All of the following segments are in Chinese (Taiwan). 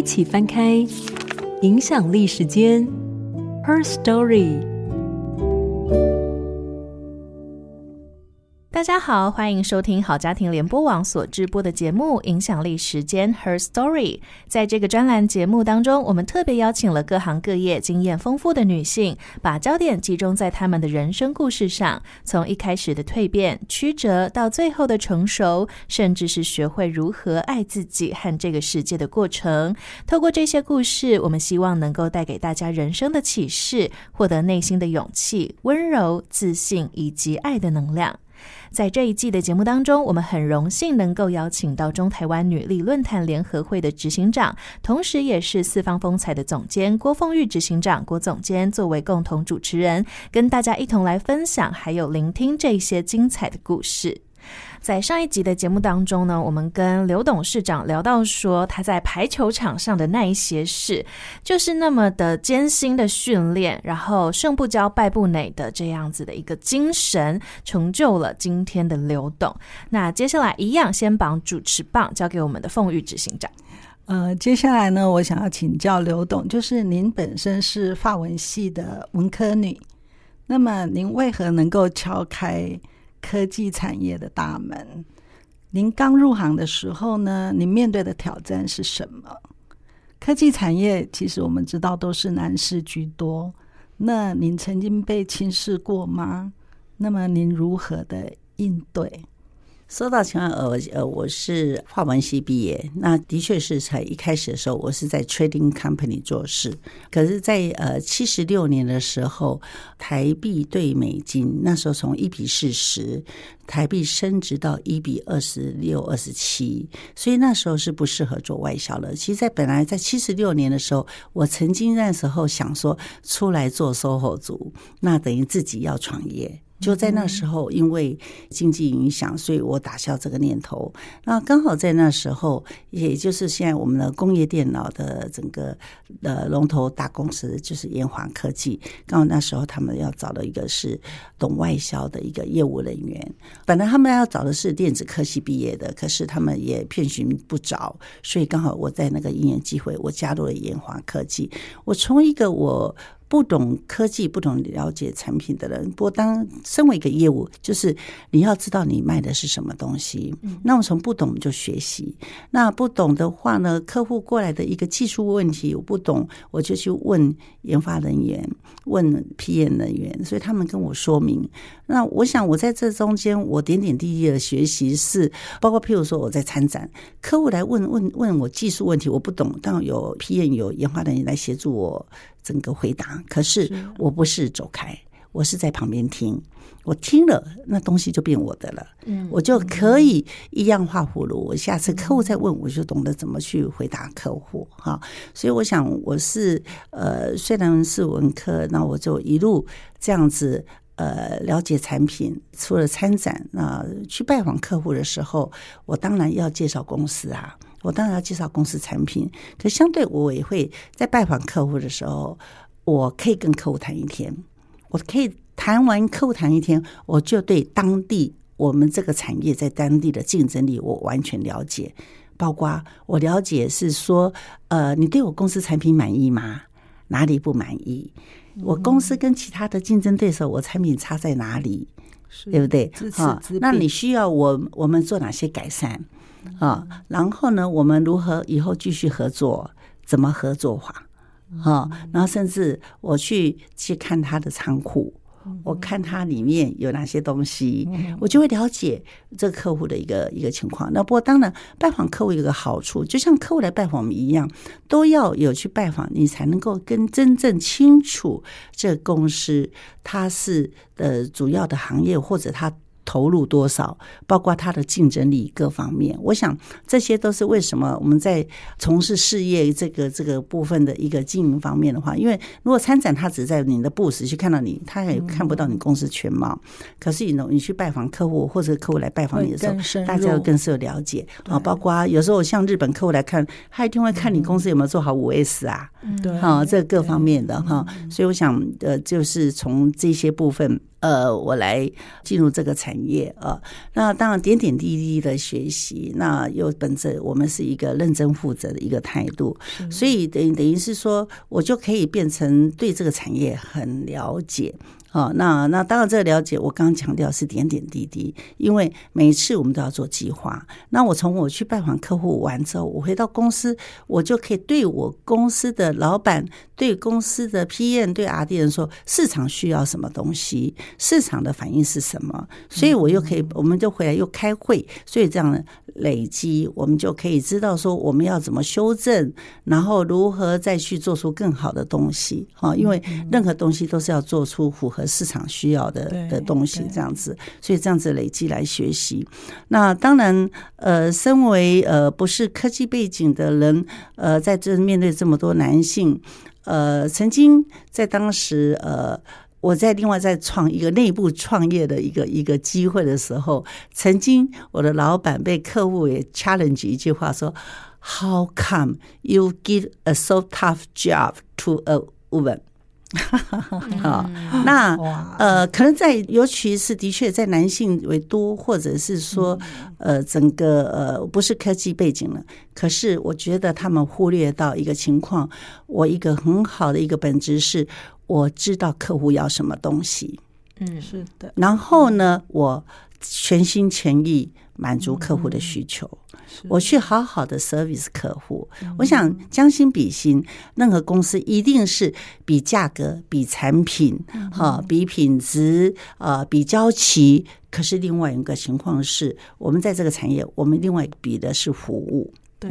一起翻開《影響力時間》Her Story。大家好，歡迎收聽好家庭聯播網所直播的節目《影響力時間 Her Story》。在這個專欄節目當中，我們特別邀請了各行各業經驗豐富的女性，把焦點集中在她們的人生故事上，從一開始的蛻變、曲折到最後的成熟，甚至是學會如何愛自己和這個世界的過程。透過這些故事，我們希望能夠帶給大家人生的啟示，獲得內心的勇氣、溫柔、自信以及愛的能量。在這一季的節目當中，我們很榮幸能夠邀請到中台灣女力論壇聯合會的執行長，同時也是四方風采的總監郭鳳玉執行長郭總監，作為共同主持人，跟大家一同來分享，還有聆聽這些精彩的故事。在上一集的節目當中呢，我們跟劉董事長聊到說，他在排球場上的那一些事，就是那麼的艱辛的訓練，然後勝不驕敗不餒的這樣子的一個精神，成就了今天的劉董。那接下來一樣，先把主持棒交給我們的鳳玉執行長。呃，接下來呢，我想要請教劉董，就是您本身是法文系的文科女，那麼您為何能夠敲開？科技產業的大門，您剛入行的時候呢，您面對的挑戰是什麼？科技產業其實我們知道都是男士居多，那您曾經被輕視過嗎？那麼您如何的應對？說到前面，呃，呃，我是法文系畢業，那的確是才一開始的時候，我是在 trading company 做事。可是在，在呃七十六年的時候，台幣兌美金那時候從一比四十，台幣升值到一比二十六、二十七，所以那時候是不適合做外銷的。其實，在本來在七十六年的時候，我曾經那時候想說出來做 SOHO 族，那等於自己要創業。就在那時候，因為經濟影響，所以我打消這個念頭。那剛好在那時候，也就是現在我們的工業電腦的整個呃龍頭大公司，就是研華科技。剛好那時候他們要找的一個是懂外銷的一個業務人員，本來他們要找的是電子科系畢業的，可是他們也遍尋不着，所以剛好我在那個因緣際會，我加入了研華科技。我從一個我。不懂科技、不懂了解產品的人，不過當身為一個業務，就是你要知道你賣的是什麼東西。那我從不懂，就學習。那不懂的話呢，客戶過來的一個技術問題我不懂，我就去問研發人員、問 PM 人員，所以他們跟我說明。那我想，我在這中間，我點點滴滴的學習是，包括譬如說我在參展，客戶來問問問我技術問題，我不懂，但有 PM、有研發人員來協助我整個回答。可是我不是走開，我是在旁邊聽。我聽了，那東西就變我的了。嗯，我就可以依樣畫葫蘆。我下次客戶再問，我就懂得怎麼去回答客戶哈。所以我想，我是呃，雖然是文科，那我就一路這樣子呃，了解產品。除了參展，那去拜訪客戶的時候，我當然要介紹公司啊，我當然要介紹公司產品。可相對，我也會在拜訪客戶的時候。我可以跟客戶談一天，我可以談完客戶談一天，我就對當地我們這個產業在當地的競爭力，我完全了解。包括我了解是說，呃，你對我公司產品滿意嗎？哪裡不滿意？Mm -hmm. 我公司跟其他的競爭對手，我產品差在哪裡？Mm -hmm. 對不對？啊、哦，那你需要我我們做哪些改善啊、mm -hmm. 哦？然後呢，我們如何以後繼續合作？怎麼合作化？哈，然後甚至我去去看他的倉庫，我看它裡面有哪些東西，我就會了解這個客戶的一個一個情況。那不過當然，拜訪客戶有一個好處，就像客戶來拜訪我們一樣，都要有去拜訪，你才能夠跟真正清楚這公司它是呃主要的行業或者它。投入多少，包括它的競爭力各方面，我想這些都是為什麼我們在從事事業這個這個部分的一個經營方面的話，因為如果參展，他只在你的 booth 去看到你，他也看不到你公司全貌。可是你你去拜訪客戶或者客戶來拜訪你的時候，大家更是有了解啊。包括有時候像日本客戶來看，他一定會看你公司有沒有做好五 S 啊，對，好這各方面的哈。所以我想呃，就是從這些部分。呃，我來進入這個產業啊。那當然，點點滴滴的學習，那又本着我們是一個認真負責的一個態度，所以等等於是說我就可以變成對這個產業很了解。好、哦、那那當然這個了解，我剛強調是點點滴滴，因為每次我們都要做計劃。那我從我去拜訪客戶完之後，我回到公司，我就可以對我公司的老闆、對公司的 PM、對 RD 人說，市場需要什麼東西，市場的反應是什麼，所以我又可以，嗯、我們就回來又開會，所以這樣累積，我們就可以知道說我們要怎麼修正，然後如何再去做出更好的東西。哦、因為任何東西都是要做出符合。市場需要的的東西，這樣子，所以這樣子累積來學習。那當然，呃，身為呃不是科技背景的人，呃，在這面對這麼多男性，呃，曾經在當時，呃，我在另外在創一個內部創業的一個一個機會的時候，曾經我的老闆被客戶也 challenge 一句話說：How come you give a so tough job to a woman？哈哈哈哈，那呃，可能在尤其是的確在男性為多，或者是說呃，整個呃不是科技背景了。可是我覺得他們忽略到一個情況，我一個很好的一個本質是，我知道客戶要什麼東西。嗯，是的。然後呢，我全心全意滿足客戶的需求。嗯我去好好的 service 客戶，我想將心比心，任何，嗯、那個、公司一定是比價格、比產品、哈、嗯哦、比品質啊、呃、比交期。可是另外一個情況是，我們在這個產業，我們另外比的是服務。對，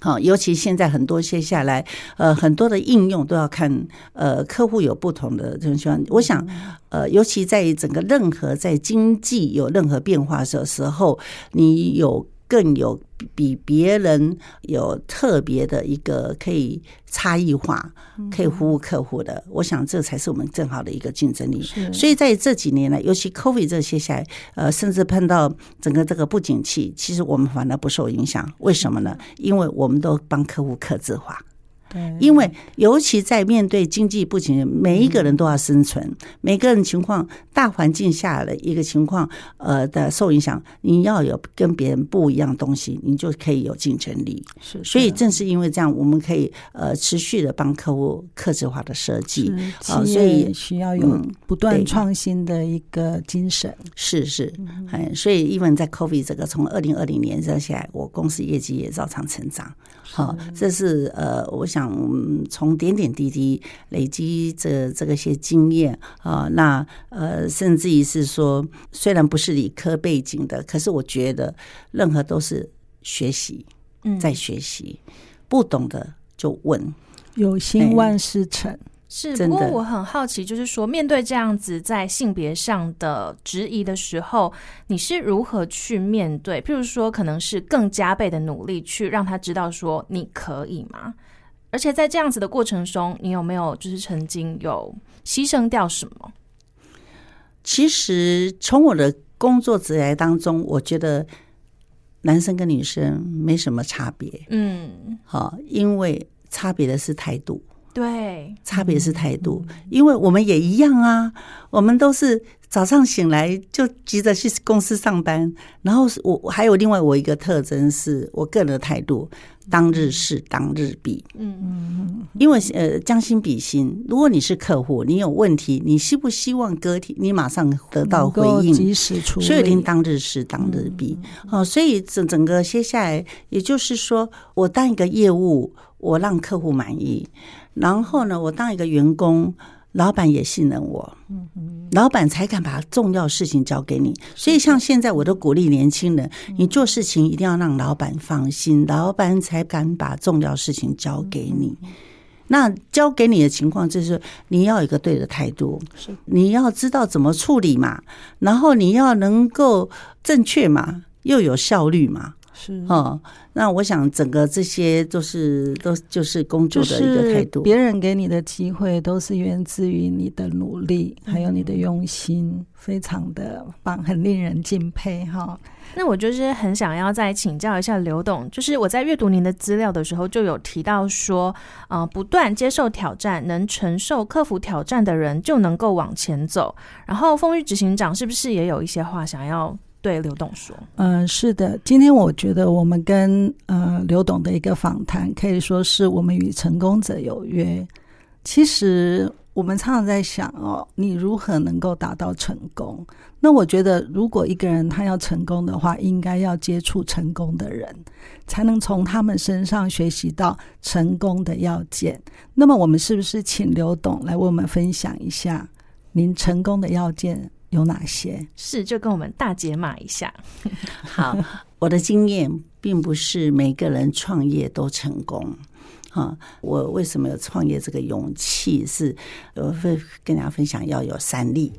好，哦，尤其現在很多接下來，呃，很多的應用都要看，呃，客戶有不同的這種情況，嗯。我想，呃，尤其在整個任何在經濟有任何變化的時候，你有更有。比別人有特別的一個可以差異化，可以服務客戶的，我想這才是我們正好的一個競爭力。所以在這幾年呢，尤其 COVID 這些下來，呃，甚至碰到整個這個不景氣，其實我們反而不受影響。為什麼呢？因為我們都幫客戶客製化。對，因為尤其在面對經濟不景，每一個人都要生存，嗯、每個人情況大環境下的一個情況，呃，的受影響，你要有跟別人不一樣東西，你就可以有競爭力。是，是，所以正是因為這樣，我們可以呃持續的幫客戶客制化的設計，啊，所以也需要有不斷創新的一個精神。嗯、是是，哎、嗯嗯，所以因為在 COVID 這個從二零二零年到現在，我公司業績也照常成長。好，這是呃，我想從點點滴滴累積這這個些經驗啊，那呃，甚至於是說，雖然不是理科背景的，可是我覺得任何都是學習，嗯，在學習，不懂的就問，有心萬事成。是，不過我很好奇，就是說，面對這樣子在性別上的質疑的時候，你是如何去面對？譬如說，可能是更加倍的努力去讓他知道說你可以嗎？而且在這樣子的過程中，你有沒有就是曾經有犧牲掉什麼？其實從我的工作職涯當中，我覺得男生跟女生沒什麼差別。嗯，好，因為差別的是態度。對，差別是態度。嗯嗯，因為我們也一樣啊，我們都是早上醒來就急着去公司上班。然後我還有另外我一個特徵是我個人的態度，當日事當日畢。嗯嗯嗯，因為呃將心比心，如果你是客戶，你有問題，你希不希望個體你馬上得到回應？及時處理，所以一定當日事當日畢。嗯嗯呃。所以整整個接下來，也就是說，我當一個業務，我讓客戶滿意。然後呢，我當一個員工，老闆也信任我，嗯嗯，老闆才敢把重要事情交給你。所以像現在，我都鼓勵年輕人，你做事情一定要讓老闆放心，老闆才敢把重要事情交給你。那交給你的情況就是，你要有一個對的態度，是你要知道怎麼處理嘛，然後你要能夠正確嘛，又有效率嘛。是、哦、那我想整個這些都是都就是工作的一個態度。就是、別人給你的機會都是源自於你的努力、嗯，還有你的用心，非常的棒，很令人敬佩哈、哦。那我就是很想要再請教一下劉董，就是我在閱讀您的資料的時候就有提到說，啊、呃，不斷接受挑戰，能承受、克服挑戰的人就能夠往前走。然後，鳳玉執行長是不是也有一些話想要？對劉董說，嗯、呃，是的。今天我覺得我們跟呃劉董的一個訪談，可以說是我們與成功者有約。其實我們常常在想哦，你如何能夠達到成功？那我覺得，如果一個人他要成功的話，應該要接觸成功的人，才能從他們身上學習到成功的要件。那麼，我們是不是請劉董來為我們分享一下您成功的要件？有哪些？是就跟我們大解碼一下。 好， 我的經驗並不是每個人創業都成功。啊，我為什麼有創業這個勇氣？是，我會跟大家分享要有三力。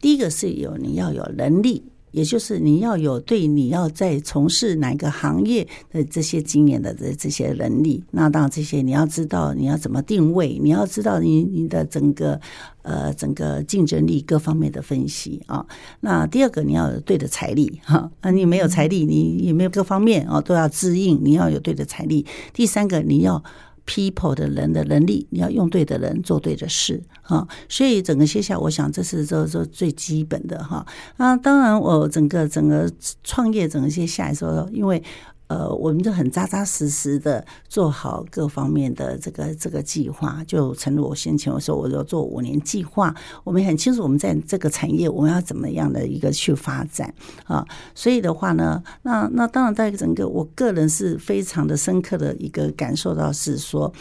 第一個是有你要有能力。也就是你要有對你要在從事哪個行業的這些經驗的這這些能力，那當然這些你要知道你要怎麼定位，你要知道你你的整個呃整個競爭力各方面的分析啊。那第二個你要有對的財力哈，啊你沒有財力，你也沒有各方面啊都要支應，你要有對的財力。第三個你要 people 的人的能力，你要用對的人做對的事啊，所以整個線下，我想這是這是最基本的哈。啊，當然我整個整個創業整個線下來說，因為。呃，我們就很扎扎實實的做好各方面的這個這個計劃。就正如我先前我說，我要做五年計劃。我們很清楚，我們在這個產業，我們要怎麼樣的一個去發展啊？所以的話呢，那那當然，在整個我個人是非常的深刻的一個感受到是說，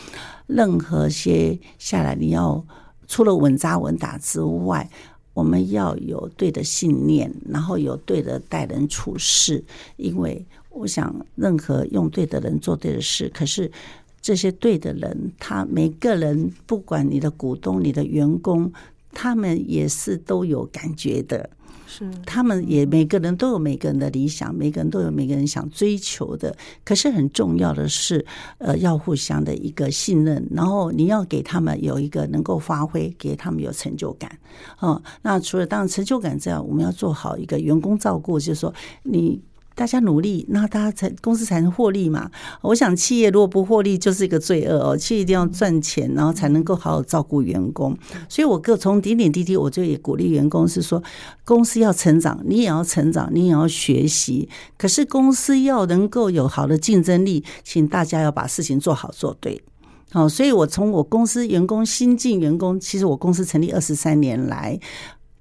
任何些下來，你要除了穩扎穩打之外，我們要有對的信念，然後有對的待人處事，因為。我想，任何用對的人做對的事，可是這些對的人，他每個人不管你的股東、你的員工，他們也是都有感覺的。是，他們也每個人都有每個人的理想，每個人都有每個人想追求的。可是很重要的是，呃，要互相的一個信任，然後你要給他們有一個能夠發揮，給他們有成就感。嗯，那除了當成就感之外，我們要做好一個員工照顧，就是說你。大家努力，那大家才公司才能獲利嘛。我想，企業如果不獲利，就是一個罪惡哦。企業一定要賺錢，然後才能夠好好照顧員工。所以，我個從點點滴滴，我就也鼓勵員工是說，公司要成長，你也要成長，你也要學習。可是，公司要能夠有好的競爭力，請大家要把事情做好做對。好，所以我從我公司員工新進員工，其實我公司成立二十三年來，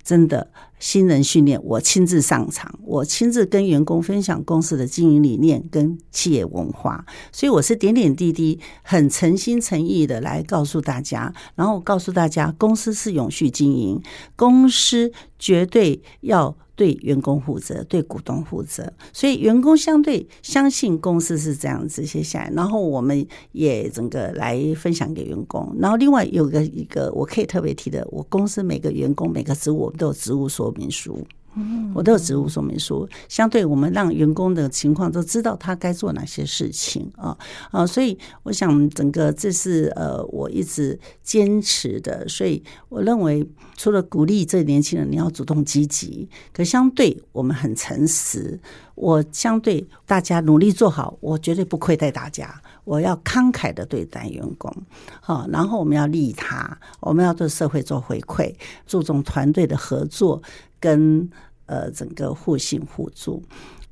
真的。新人訓練，我親自上場，我親自跟員工分享公司的經營理念跟企業文化，所以我是點點滴滴，很誠心誠意的來告訴大家，然後告訴大家，公司是永續經營，公司絕對要。對員工負責，對股東負責，所以員工相對相信公司是這樣子。接下來，然後我們也整個來分享給員工。然後，另外有個一個我可以特別提的，我公司每個員工每個職務，我們都有職務說明書。 我都有職務說明書，相對我們讓員工的情況都知道他該做哪些事情啊啊。所以我想，整個這是呃，我一直堅持的。所以我認為，除了鼓勵這年輕人，你要主動積極，可相對我們很誠實。我相對大家努力做好，我絕對不虧待大家。我要慷慨的對待員工，好，然後我們要利他，我們要對社會做回饋，注重團隊的合作跟。呃，整個互信互助，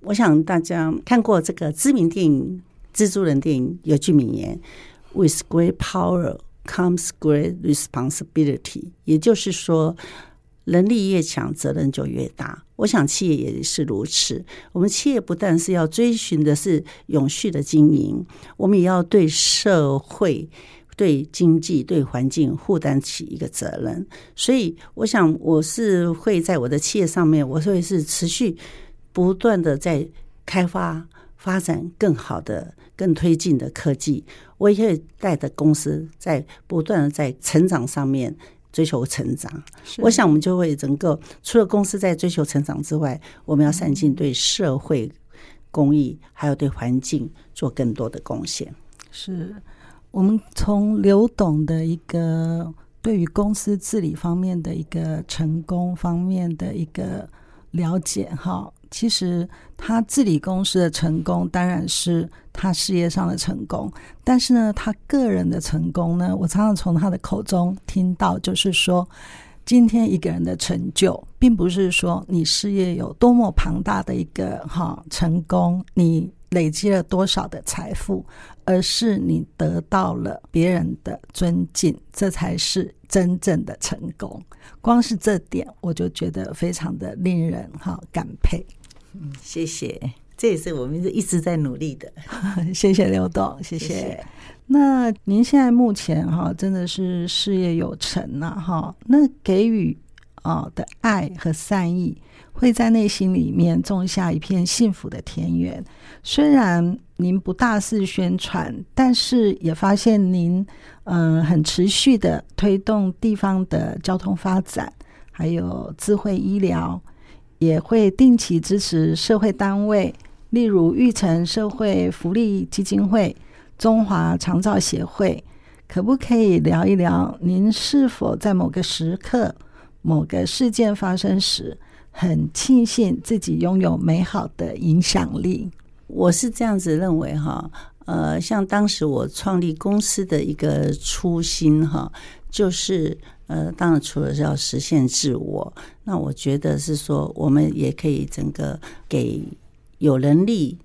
我想大家看過這個知名電影《蜘蛛人》電影，有句名言：“With great power comes great responsibility。”也就是說，能力越強，責任就越大。我想企業也是如此。我們企業不但是要追尋的是永續的經營，我們也要對社會。對經濟、對環境負擔起一個責任，所以我想，我是會在我的企業上面，我會是持續不斷的在開發、發展更好的、更推進的科技。我也可以帶着公司在不斷的在成長上面追求成長。我想，我們就會能夠除了公司在追求成長之外，我們要善盡對社會、嗯、公益，還有對環境做更多的貢獻。是。我們從劉董的一個對於公司治理方面的一個成功方面的一個了解，哈，其實他治理公司的成功當然是他事業上的成功，但是呢，他個人的成功呢，我常常從他的口中聽到，就是說，今天一個人的成就，並不是說你事業有多麼龐大的一個哈成功，你。累積了多少的財富，而是你得到了別人的尊敬，這才是真正的成功。光是這點，我就覺得非常的令人哈感佩。嗯，謝謝，這也是我們一直在努力的。 謝謝劉董，謝謝，謝謝。那您現在目前哈真的是事業有成吶，啊、哈，那給予啊的愛和善意。嗯嗯會在內心裡面種下一片幸福的田園。雖然您不大肆宣傳，但是也發現您嗯很持續地推動地方的交通發展，還有智慧醫療，也會定期支持社會單位，例如玉成社會福利基金會、中華長照協會。可不可以聊一聊，您是否在某個時刻、某個事件發生時，很慶幸自己擁有美好的影響力，我是這樣子認為哈。呃，像當時我創立公司的一個初心哈，就是呃，當然除了是要實現自我，那我覺得是說，我們也可以整個給有能力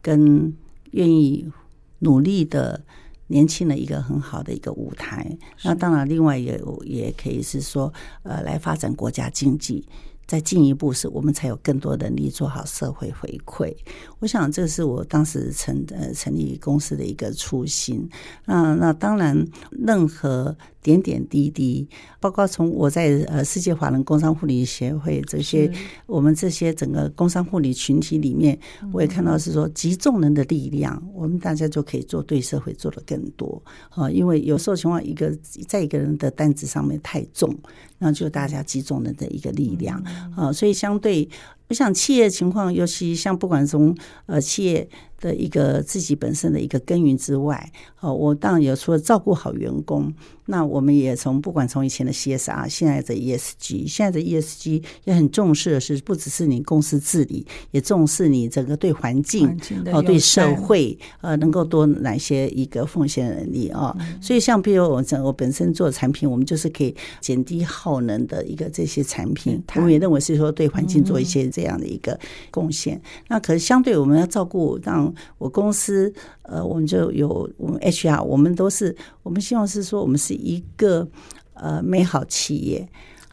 跟願意努力的年輕人一個很好的一個舞台。那當然，另外也也可以是說，呃，來發展國家經濟。再進一步，是我們才有更多能力做好社會回饋。我想，這是我當時成呃成立公司的一個初心。那，那當然，任何點點滴滴，包括從我在呃世界華人工商護理協會這些，我們這些整個工商護理群體裡面，我也看到是說集眾人的力量，我們大家就可以做對社會做得更多啊。因為有時候情況，一個在一個人的擔子上面太重。那就大家集中了的一個力量，嗯，啊，所以相對。我想企業情況，尤其像不管從呃企業的一個自己本身的一個耕耘之外，哦，我當然有除了照顧好員工。那我們也從不管從以前的 CSR，現在的 ESG，現在的 ESG 也很重視的是，不只是你公司治理，也重視你整個對環境哦，對社會呃，能夠多哪些一個奉獻能力啊。所以像比如我我本身做產品，我們就是可以減低耗能的一個這些產品，我們也認為是說對環境做一些。這樣的一個貢獻，那可是相對我們要照顧，當我公司，呃，我們就有我們 HR，我們都是，我們希望是說，我們是一個呃美好企業。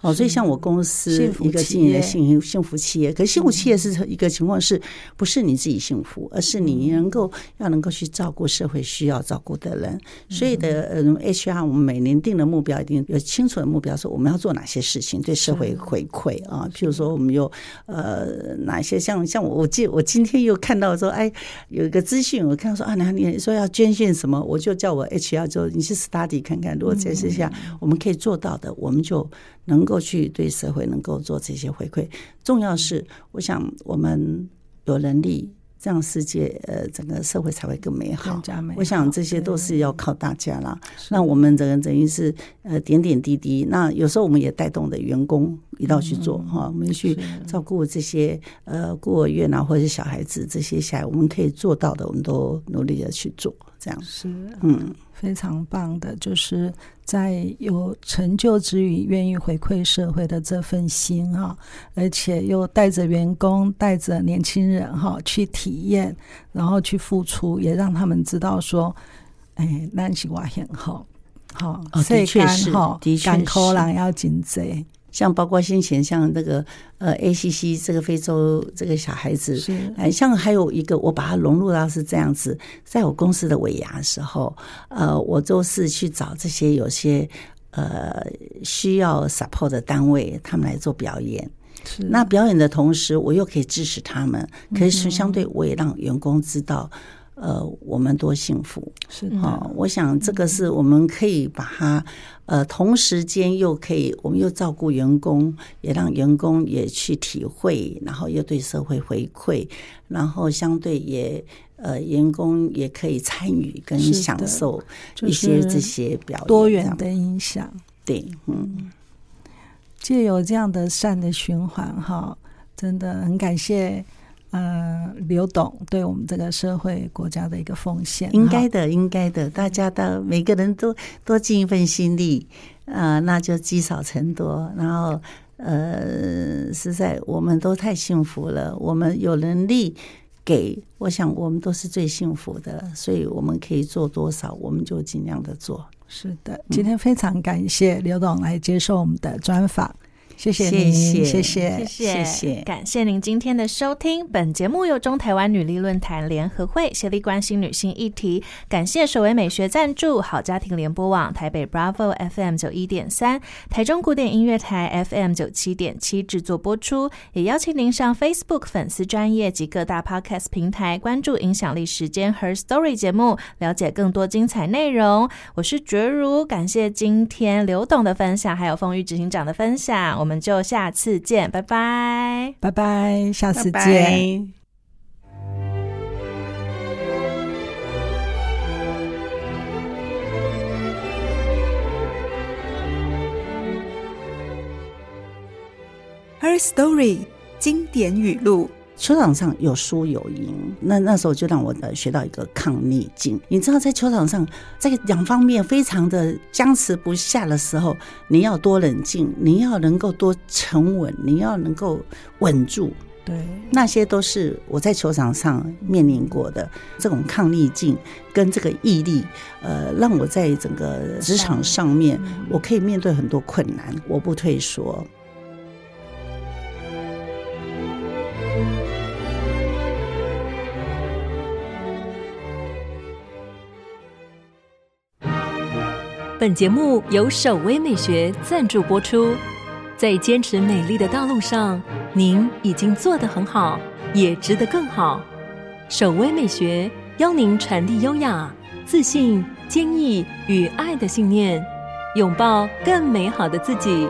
哦，所以像我公司一個經營的幸幸福企業，可是幸福企業是一個情況是，不是你自己幸福，而是你能夠要能夠去照顧社會需要照顧的人。所以的呃，HR 我們每年定的目標一定有清楚的目標，說我們要做哪些事情對社會回饋啊。譬如說我們有呃哪些像像我我今我今天又看到說哎有一個資訊，我看到說啊，你你說要捐獻什麼，我就叫我 HR，就你去 study 看看，如果在之下我們可以做到的，我們就能夠。過去對社會能夠做這些回饋，重要是我想我們有能力這樣，世界呃整個社會才會更美好。我想這些都是要靠大家啦。那我們等於等於是呃點點滴滴。那有時候我們也帶動的員工一道去做哈，我們去照顧這些呃孤兒院啊，或者是小孩子，這些小孩，我們可以做到的，我們都努力的去做。這樣是、啊、嗯，非常棒的，就是在有成就之餘，願意回饋社會的這份心哈，而且又帶着員工、帶着年輕人哈去體驗，然後去付出，也讓他們知道說，哎，南溪瓜很好，好，哦，的確是哈，幹苦勞要緊責。像包括先前像那個呃 ACC 這個非洲這個小孩子，是像還有一個我把它融入到是這樣子，在我公司的尾牙的時候，呃，我就是去找這些有些呃需要 support 的單位，他們來做表演。那表演的同時，我又可以支持他們，可是相對我也讓員工知道。呃，我們多幸福是的、哦。我想這個是我們可以把它，呃，同時間又可以，我們又照顧員工，也讓員工也去體會，然後又對社會回饋，然後相對也呃，員工也可以參與跟享受一些這些表演這樣。較、就是、多元的影響。對，嗯，藉由這樣的善的循環，哈，真的很感謝。呃，劉董對我們這個社會、國家的一個奉獻，應該的，應該的，大家都每個人都多盡一份心力，啊、呃，那就積少成多。然後，呃，實在我們都太幸福了，我們有能力給，我想我們都是最幸福的，所以我們可以做多少，我們就盡量的做。是的，今天非常感謝劉董來接受我們的專訪。謝謝謝謝謝，謝謝，謝，謝，謝，謝，感謝您今天的收聽。本節目由中台灣女力論壇聯合會協力關心女性議題，感謝守葳美學贊助，好家庭聯播網台北 Bravo FM 九一點三，台中古典音樂台 FM 九七點七製作播出。也邀請您上 Facebook 粉絲專業及各大 Podcast 平台關注影響力時間 Her Story 節目，了解更多精彩內容。我是珏如，感謝今天劉董的分享，還有鳳玉執行長的分享。我們就下次見，拜拜，拜拜，下次見 bye bye。Her Story 經典語錄。球場上有輸有贏，那那時候就讓我的學到一個抗逆境。你知道，在球場上，在兩方面非常的僵持不下的時候，你要多冷靜，你要能夠多沉穩，你要能夠穩住。對，那些都是我在球場上面臨過的這種抗逆境跟這個毅力，呃，讓我在整個職場上面，我可以面對很多困難，我不退縮。本節目由守葳美學贊助播出。在堅持美麗的道路上，您已經做得很好，也值得更好。守葳美學邀您傳遞優雅、自信、堅毅與愛的信念，擁抱更美好的自己。